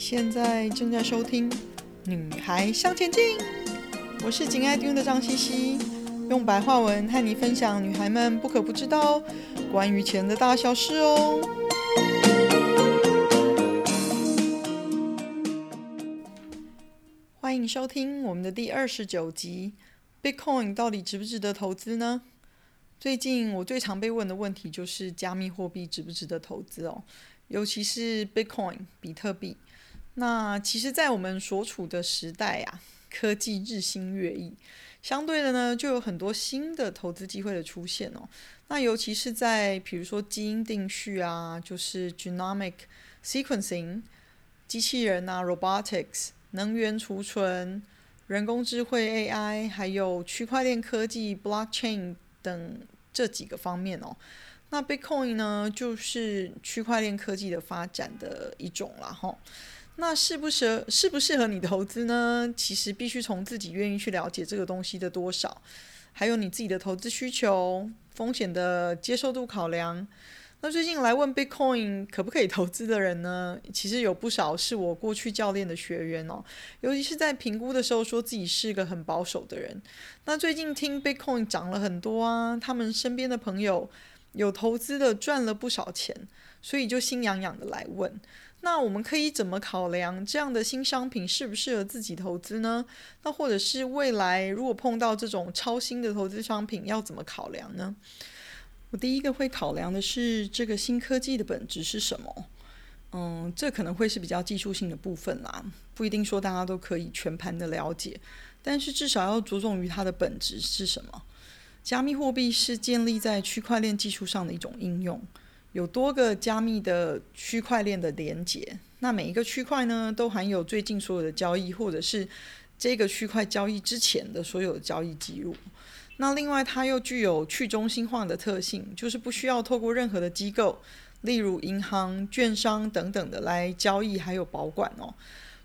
現在正在收聽《女孩向前進》，我是緊愛聽的張茜茜，用白話文和你分享女孩們不可不知道關於錢的大小事哦。歡迎收聽我們的第二十九集，《Bitcoin 到底值不值得投資呢？》最近我最常被問的問題就是加密貨幣值不值得投資哦，尤其是 Bitcoin 比特幣。那其實，在我們所處的時代啊，科技日新月異，相對的呢，就有很多新的投資機會的出現哦。那尤其是在比如說基因定序啊，就是 genomic sequencing，機器人啊 robotics，能源儲存、人工智慧 AI，還有區塊鏈科技 blockchain 等這幾個方面哦。那 Bitcoin 呢，就是區塊鏈科技的發展的一種啦。吼。那適不適合適不適合你投資呢？其實必須從自己願意去了解這個東西的多少，還有你自己的投資需求、風險的接受度考量。那最近來問 Bitcoin 可不可以投資的人呢，其實有不少是我過去教練的學員哦。尤其是在評估的時候，說自己是個很保守的人。那最近聽 Bitcoin 漲了很多啊，他們身邊的朋友有投資的賺了不少錢，所以就心癢癢的來問。那我們可以怎麼考量這樣的新商品適不適合自己投資呢？那或者是未來如果碰到這種超新的投資商品，要怎麼考量呢？我第一個會考量的是這個新科技的本質是什麼。嗯，這可能會是比較技術性的部分啦，不一定說大家都可以全盤的了解，但是至少要着重於它的本質是什麼。加密貨幣是建立在區塊鏈技術上的一種應用。有多個加密的區塊鏈的連接，那每一個區塊呢，都含有最近所有的交易，或者是這個區塊交易之前的所有的交易記錄。那另外，它又具有去中心化的特性，就是不需要透過任何的機構，例如銀行、券商等等的來交易，還有保管哦。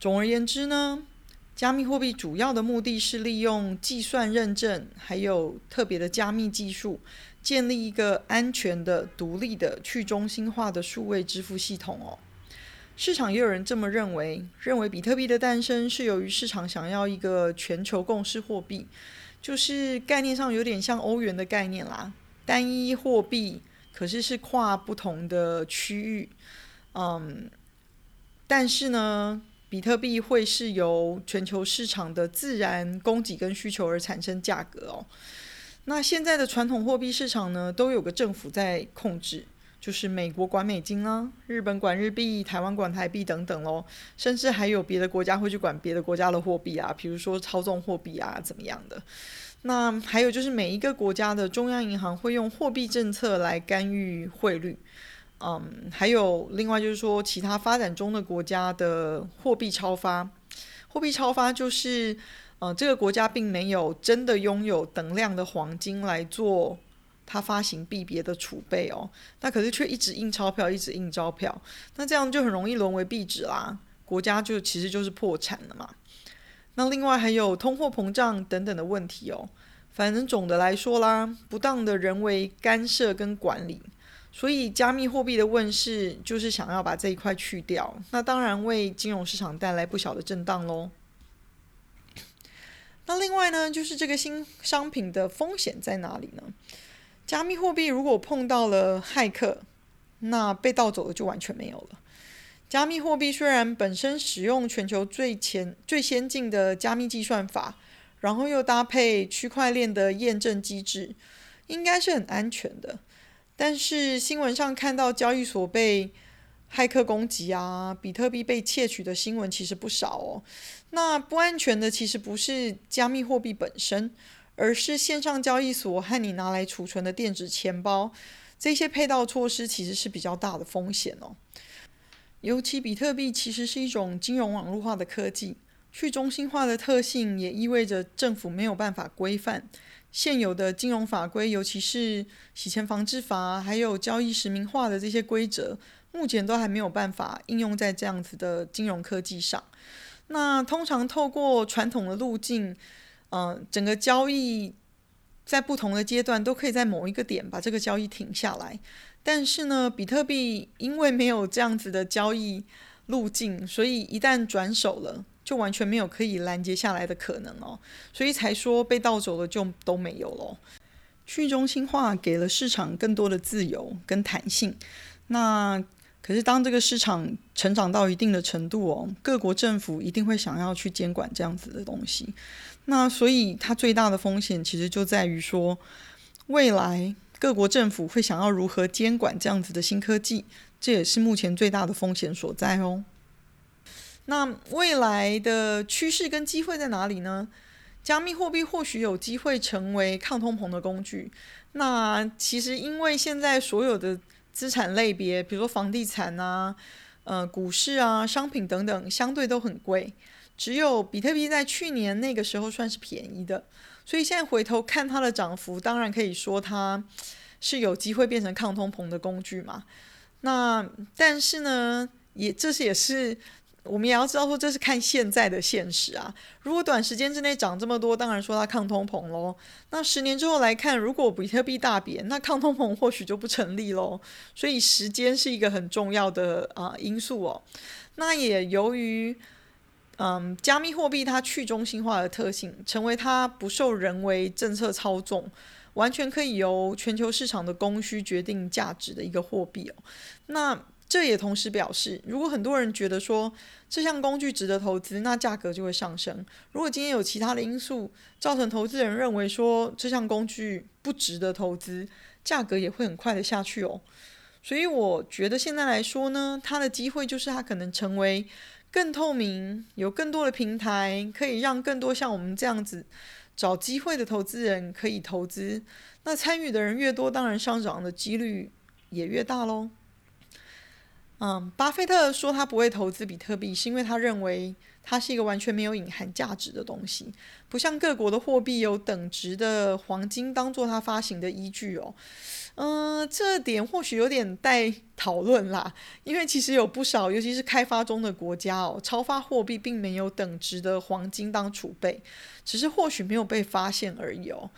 總而言之呢，加密貨幣主要的目的是利用計算認證，還有特別的加密技術。建立一個安全的、獨立的、去中心化的數位支付系統哦。市場也有人這麼認為，認為比特幣的誕生是由於市場想要一個全球共識貨幣，就是概念上有點像歐元的概念啦，單一貨幣，可是是跨不同的區域。嗯，但是呢，比特幣會是由全球市場的自然供給跟需求而產生價格哦。那現在的傳統貨幣市場呢，都有個政府在控制，就是美國管美金啊，日本管日幣，台灣管台幣等等咯，甚至還有別的國家會去管別的國家的貨幣啊，比如說操縱貨幣啊，怎麼樣的。那還有就是每一個國家的中央銀行會用貨幣政策來干預匯率，嗯，還有另外就是說其他發展中的國家的貨幣超發，貨幣超發就是。嗯、呃，這個國家並沒有真的擁有等量的黃金來做它發行幣別的儲備哦，那可是卻一直印鈔票，一直印鈔票，那這樣就很容易淪為壁紙啦，國家就其實就是破產了嘛。那另外還有通貨膨脹等等的問題哦，反正總的來說啦，不當的人為干涉跟管理，所以加密貨幣的問世就是想要把這一塊去掉，那當然為金融市場帶來不小的震盪嘍。那另外呢，就是這個新商品的風險在哪裡呢？加密貨幣如果碰到了駭客，那被盜走的就完全沒有了。加密貨幣雖然本身使用全球最前最先進的加密計算法，然後又搭配區塊鏈的驗證機制，應該是很安全的。但是新聞上看到交易所被駭客攻擊啊，比特幣被竊取的新聞其實不少哦。那不安全的其實不是加密貨幣本身，而是線上交易所和你拿來儲存的電子錢包。這些配套措施其實是比較大的風險哦。尤其比特幣其實是一種金融網絡化的科技，去中心化的特性也意味着政府沒有辦法規範現有的金融法規，尤其是洗錢防治法，還有交易實名化的這些規則。目前都還沒有辦法應用在這樣子的金融科技上。那通常透過傳統的路徑，嗯、呃，整個交易在不同的階段都可以在某一個點把這個交易停下來。但是呢，比特幣因為沒有這樣子的交易路徑，所以一旦轉手了，就完全沒有可以攔截下來的可能哦。所以才說被盜走了就都沒有了。去中心化給了市場更多的自由跟彈性。那可是，當這個市場成長到一定的程度哦，各國政府一定會想要去監管這樣子的東西。那所以，它最大的風險其實就在於說，未來各國政府會想要如何監管這樣子的新科技，這也是目前最大的風險所在哦。那未來的趨勢跟機會在哪裡呢？加密貨幣或許有機會成為抗通膨的工具。那其實，因為現在所有的。資產類別，比如說房地產啊、呃股市啊、商品等等，相對都很貴。只有比特幣在去年那個時候算是便宜的，所以現在回頭看它的漲幅，當然可以說它是有機會變成抗通膨的工具嘛。那但是呢，也這是也是。我們也要知道說，這是看現在的現實啊。如果短時間之內漲這麼多，當然說它抗通膨嘍。那十年之後來看，如果比特幣大貶，那抗通膨或許就不成立嘍。所以時間是一個很重要的啊、呃、因素哦。那也由於，嗯、呃，加密貨幣它去中心化的特性，成為它不受人為政策操縱，完全可以由全球市場的供需決定價值的一個貨幣哦。那。這也同時表示，如果很多人覺得說這項工具值得投資，那價格就會上升；如果今天有其他的因素造成投資人認為說這項工具不值得投資，價格也會很快的下去哦。所以我覺得現在來說呢，它的機會就是它可能成為更透明，有更多的平台可以讓更多像我們這樣子找機會的投資人可以投資。那參與的人越多，當然上漲的幾率也越大嘍。嗯，巴菲特說他不會投資比特幣，是因為他認為它是一個完全沒有隱含價值的東西，不像各國的貨幣有等值的黃金當做它發行的依據哦。嗯，這點或許有點待討論啦，因為其實有不少，尤其是開發中的國家哦，超發貨幣並沒有等值的黃金當儲備，只是或許沒有被發現而已哦。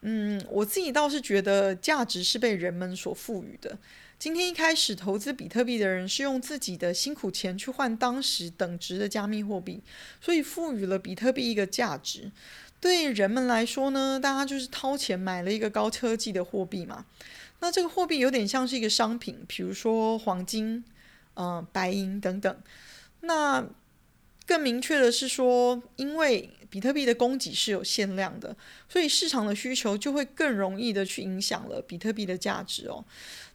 嗯，我自己倒是覺得價值是被人們所賦予的。今天一開始投資比特幣的人是用自己的辛苦錢去換當時等值的加密貨幣，所以賦予了比特幣一個價值。對人們來說呢，大家就是掏錢買了一個高科技的貨幣嘛。那這個貨幣有點像是一個商品，比如說黃金、嗯、呃、白銀等等。那更明確的是說，因為比特幣的供給是有限量的，所以市場的需求就會更容易的去影響了比特幣的價值哦。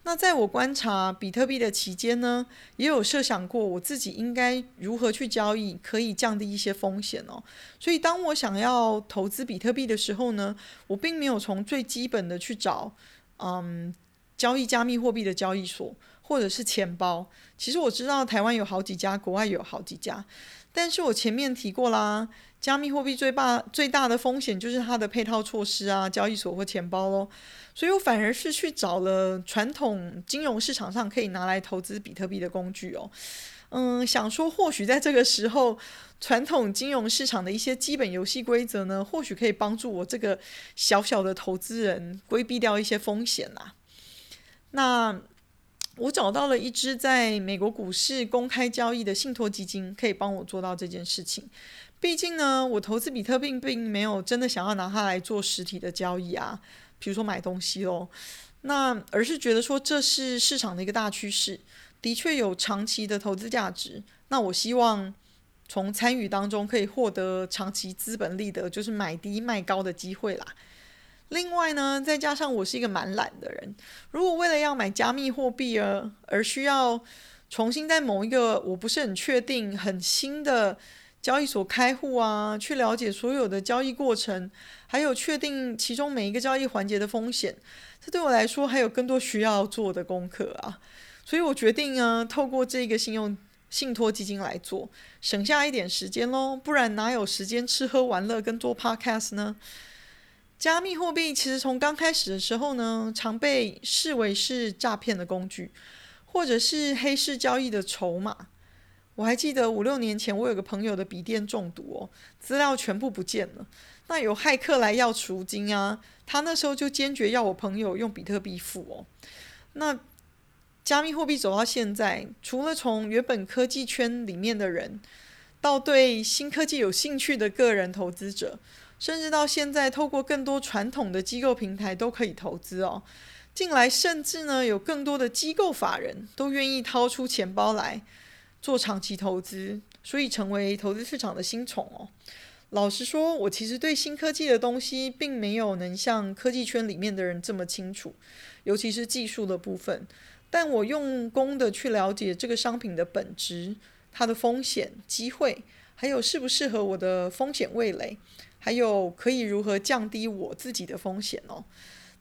那在我觀察比特幣的期間呢，也有設想過我自己應該如何去交易，可以降低一些風險哦。所以當我想要投資比特幣的時候呢，我並沒有從最基本的去找，嗯，交易加密貨幣的交易所。或者是錢包，其實我知道台灣有好幾家，國外也有好幾家，但是我前面提過啦，加密貨幣最大最大的風險就是它的配套措施啊，交易所或錢包嘍，所以我反而是去找了傳統金融市場上可以拿來投資比特幣的工具哦，嗯，想說或許在這個時候，傳統金融市場的一些基本遊戲規則呢，或許可以幫助我這個小小的投資人規避掉一些風險啦、啊。那。我找到了一支在美國股市公開交易的信托基金，可以幫我做到這件事情。畢竟呢，我投資比特幣並沒有真的想要拿它來做實體的交易啊，比如說買東西嘍、哦，那而是覺得說這是市場的一個大趨勢，的確有長期的投資價值。那我希望從參與當中可以獲得長期資本利得，就是買低賣高的機會啦。另外呢，再加上我是一個蠻懶的人，如果為了要買加密貨幣而，而需要重新在某一個我不是很確定、很新的交易所開戶啊，去了解所有的交易過程，還有確定其中每一個交易環節的風險，這對我來說還有更多需要做的功課啊。所以我決定啊，透過這個信用信託基金來做，省下一點時間嘍，不然哪有時間吃喝玩樂跟做 podcast 呢？加密貨幣其實從剛開始的時候呢，常被視為是詐騙的工具，或者是黑市交易的籌碼。我還記得五六年前，我有個朋友的筆電中毒哦，資料全部不見了。那有駭客來要贖金啊，他那時候就堅決要我朋友用比特幣付哦。那加密貨幣走到現在，除了從原本科技圈裡面的人，到對新科技有興趣的個人投資者。甚至到現在，透過更多傳統的機構平台都可以投資哦。近來甚至呢，有更多的機構法人都願意掏出錢包來做長期投資，所以成為投資市場的新寵哦。老實說，我其實對新科技的東西並沒有能像科技圈裡面的人這麼清楚，尤其是技術的部分。但我用功的去了解這個商品的本質、它的風險、機會，還有適不適合我的風險味蕾。還有可以如何降低我自己的風險哦？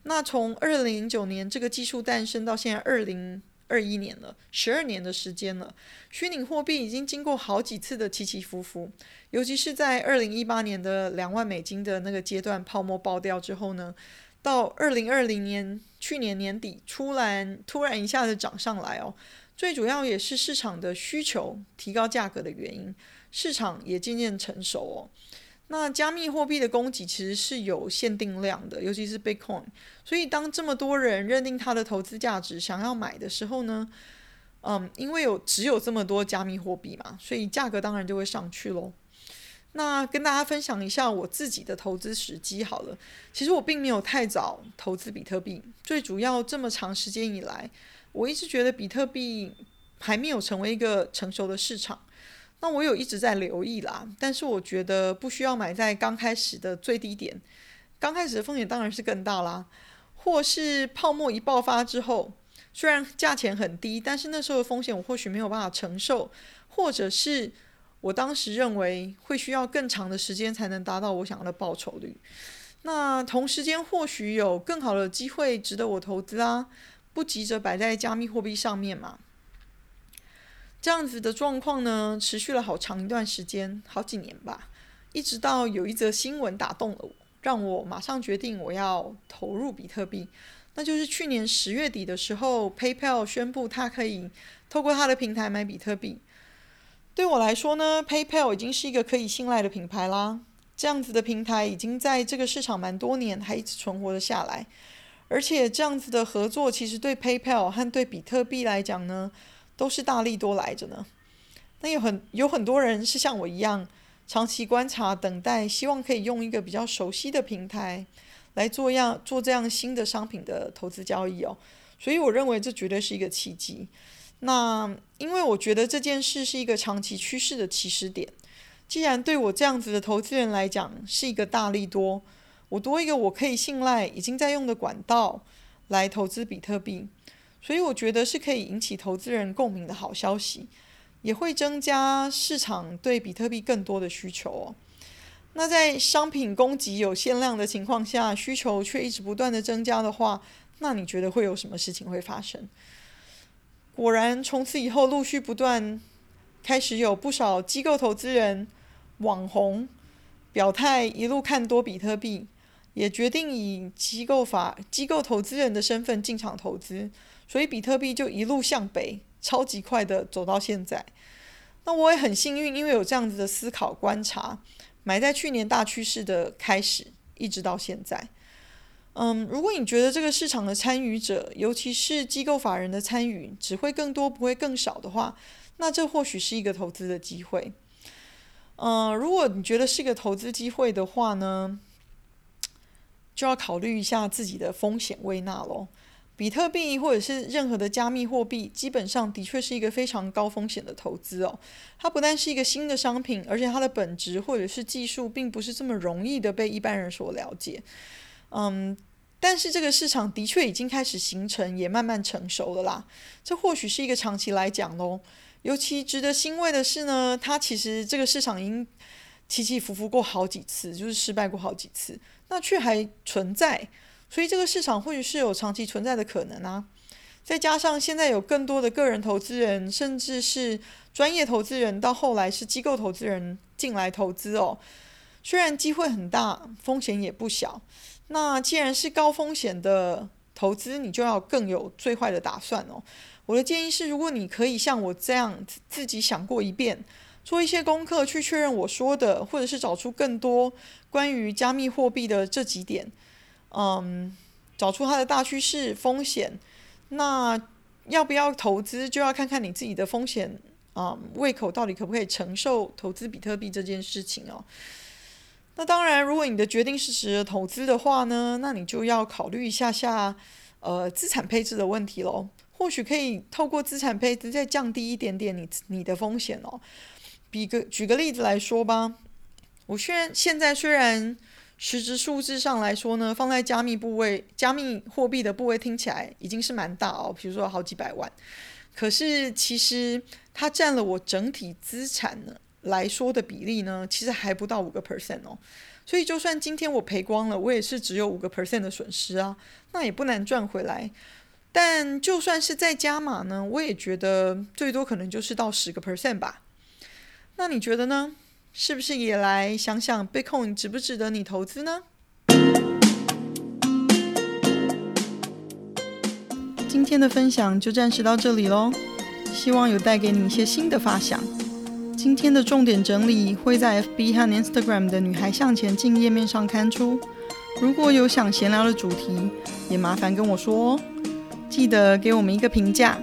那從二零零九年這個技術誕生到現在二零二一年了，十二年的時間了，虛擬貨幣已經經過好幾次的起起伏伏，尤其是在二零一八年的兩萬美金的那個階段泡沫爆掉之後呢，到二零二零年去年年底突然突然一下子漲上來哦，最主要也是市場的需求提高價格的原因，市場也漸漸成熟哦。那加密貨幣的供給其實是有限定量的，尤其是 Bitcoin。所以當這麼多人認定它的投資價值，想要買的時候呢，嗯，因為有只有這麼多加密貨幣嘛，所以價格當然就會上去嘍。那跟大家分享一下我自己的投資時機好了。其實我並沒有太早投資比特幣，最主要這麼長時間以來，我一直覺得比特幣還沒有成為一個成熟的市場。那我有一直在留意啦，但是我覺得不需要買在剛開始的最低點，剛開始的風險當然是更大啦，或是泡沫一爆發之後，雖然價錢很低，但是那時候的風險我或許沒有辦法承受，或者是我當時認為會需要更長的時間才能達到我想要的報酬率，那同時間或許有更好的機會值得我投資啊，不急着擺在加密貨幣上面嘛。這樣子的狀況呢，持續了好長一段時間，好幾年吧，一直到有一則新聞打動了我，讓我馬上決定我要投入比特幣。那就是去年十月底的時候，PayPal 宣布它可以透過它的平台買比特幣。對我來說呢，PayPal 已經是一個可以信賴的品牌啦。這樣子的平台已經在這個市場蠻多年，還一直存活了下來。而且這樣子的合作，其實對 PayPal 和對比特幣來講呢。都是大利多來着呢，那有很有很多人是像我一樣長期觀察等待，希望可以用一個比較熟悉的平台來做樣做這樣新的商品的投資交易哦。所以我認為這絕對是一個契機。那因為我覺得這件事是一個長期趨勢的起始點，既然對我這樣子的投資人來講是一個大利多，我多一個我可以信賴已經在用的管道來投資比特幣。所以我覺得是可以引起投資人共鳴的好消息，也會增加市場對比特幣更多的需求哦。那在商品供給有限量的情況下，需求卻一直不斷的增加的話，那你覺得會有什麼事情會發生？果然，從此以後陸續不斷開始有不少機構投資人、網紅表態一路看多比特幣，也決定以機構法機構投資人的身份進場投資。所以比特幣就一路向北，超級快的走到現在。那我也很幸運，因為有這樣子的思考觀察，買在去年大趨勢的開始，一直到現在。嗯，如果你覺得這個市場的參與者，尤其是機構法人的參與只會更多，不會更少的話，那這或許是一個投資的機會。嗯，如果你覺得是一個投資機會的話呢，就要考慮一下自己的風險胃納嘍。比特幣或者是任何的加密貨幣，基本上的確是一個非常高風險的投資哦。它不但是一個新的商品，而且它的本質或者是技術，並不是這麼容易的被一般人所了解。嗯，但是這個市場的確已經開始形成，也慢慢成熟了啦。這或許是一個長期來講嘍。尤其值得欣慰的是呢，它其實這個市場已經起起伏伏過好幾次，就是失敗過好幾次，那卻還存在。所以這個市場或許是有長期存在的可能啊！再加上現在有更多的個人投資人，甚至是專業投資人，到後來是機構投資人進來投資哦。雖然機會很大，風險也不小。那既然是高風險的投資，你就要更有最壞的打算哦。我的建議是，如果你可以像我這樣自己想過一遍，做一些功課去確認我說的，或者是找出更多關於加密貨幣的這幾點。嗯、um，找出它的大趨勢風險，那要不要投資就要看看你自己的風險啊，um, 胃口到底可不可以承受投資比特幣這件事情哦。那當然，如果你的決定是值得投資的話呢，那你就要考慮一下下呃資產配置的問題嘍。或許可以透過資產配置再降低一點點你你的風險哦。比個舉個例子來說吧，我雖然現在雖然。實質數字上來說呢，放在加密部位、加密貨幣的部位，聽起來已經是蠻大哦。比如說好幾百萬，可是其實它佔了我整體資產呢來說的比例呢，其實還不到五個 percent 哦。所以就算今天我賠光了，我也是只有五個 percent 的損失啊，那也不難賺回來。但就算是再加碼呢，我也覺得最多可能就是到十個 percent 吧。那你覺得呢？是不是也來想想，Bitcoin 值不值得你投資呢？今天的分享就暫時到這裡嘍，希望有帶給你一些新的發想。今天的重點整理會在 FB 和 Instagram 的女孩向前進頁面上刊出。如果有想閒聊的主題，也麻煩跟我說哦。記得給我們一個評價，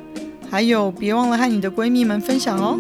還有別忘了和你的閨蜜們分享哦。